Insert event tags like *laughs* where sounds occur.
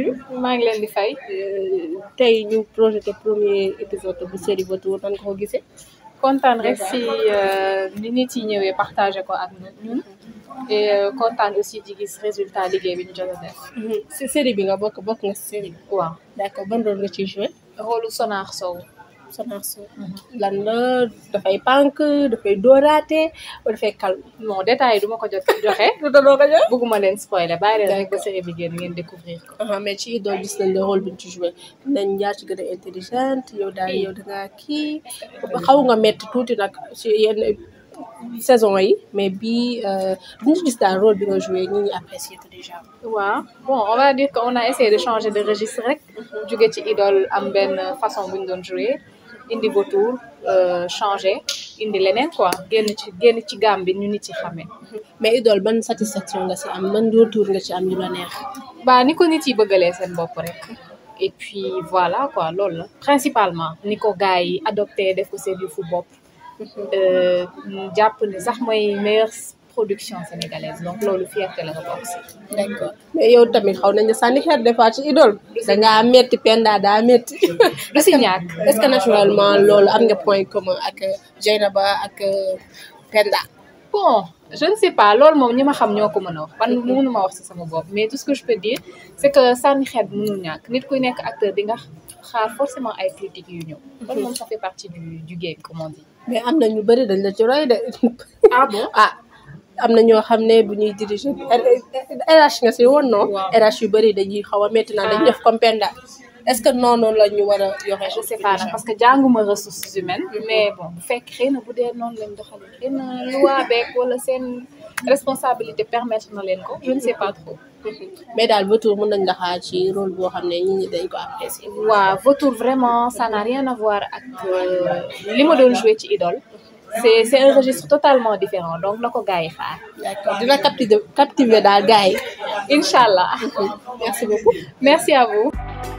nuyu. maa ngi leen di fay euh, tey ñu projeté premier épisode bu série Vautour nan ko gisee. kontaan rek si euh, ni nit yi ñëwee partagé ko ak e et euh, aussi di gis résultat liggéey bi ñu jot a def. Mhm. si série bi nga bokk bokk nga si série bi. waaw d'accord nga ci joué. rôle Sonar Sow. Sonacos lan la dafay pànk dafay dóoraate dafay calme bon détail yi du ma ko jot joxe du *laughs* doon ko leen spoiler bàyyi leen rek ba série bi génn ngeen découvrir ko mais ci Idoles gis nañ le rôle bi ñu ci joué nañ yaa kii xaw nga metti tuuti nag ci saison yi mais bii bu euh, ñu gis daal rôle bi nga joué ñi ñi apprécié ko déjà. waaw bon on va dire que on a essayé de changer de registre rek. Mhm. jóge ci idole am benn façon bu ñu doon joué. indi vos tours euh, changé indi leneen quoi génn ci génn ci gaam bi ñu nit ci xamee. mais i dool ban satisfaction nga si am ban retour nga ci am yu la neex. baa ni ko nit yi bëggalee seen bopp rek. et puis voilà quoi loolu la principalement ni ko gars yi adopté def ko seen yëfu bopp. Euh, jàpp ne sax mooy meilleur production sénégalaise donc loolu fierté la ko si. d'accord mais tamit xaw nañu sànni xeet des fois ci idole. dangaa metti Penda daa metti. *laughs* du si ñàkk est-ce que naturellement loolu am nga point commun ak Dieynaba ak euh, Penda. bon je ne sais pas loolu moom ñi ma xam ñoo ko mën a wax man mënu ma wax si sama bopp mais tout ce que je peux dire c'est que sànni xeet mënul ñàkk nit kuy nekk acteur di nga xaar forcément ay critiques yu ñëw. Mhm. loolu moom mais am na ñu bëri dañ la *laughs* am na ñoo xam ne bu ñuy diriger RH nga si woon non yu bëri dañuy xaw a métti naa dañuy def comme Penda est-ce que noonu la ñu war a yoxe je sais parce que jànguma ressources humaines mm-hmm. mais bon bu fekk xëy na bu dee noonu lañ doxale xëy na loi wala seen responsabilité permettre na leen ko je ne mm-hmm. mais daal vautour mën nañ la ci rôle boo xam ne ñi ñi dañ ko apprécier waaw vautour vraiment ça n'a rien à voir ak euh, li ma doon joué ci idole c'est c'est un registre totalement différent donc na ko gars yi xaar. captiver daal gars yi incha allah. merci beaucoup merci à vous.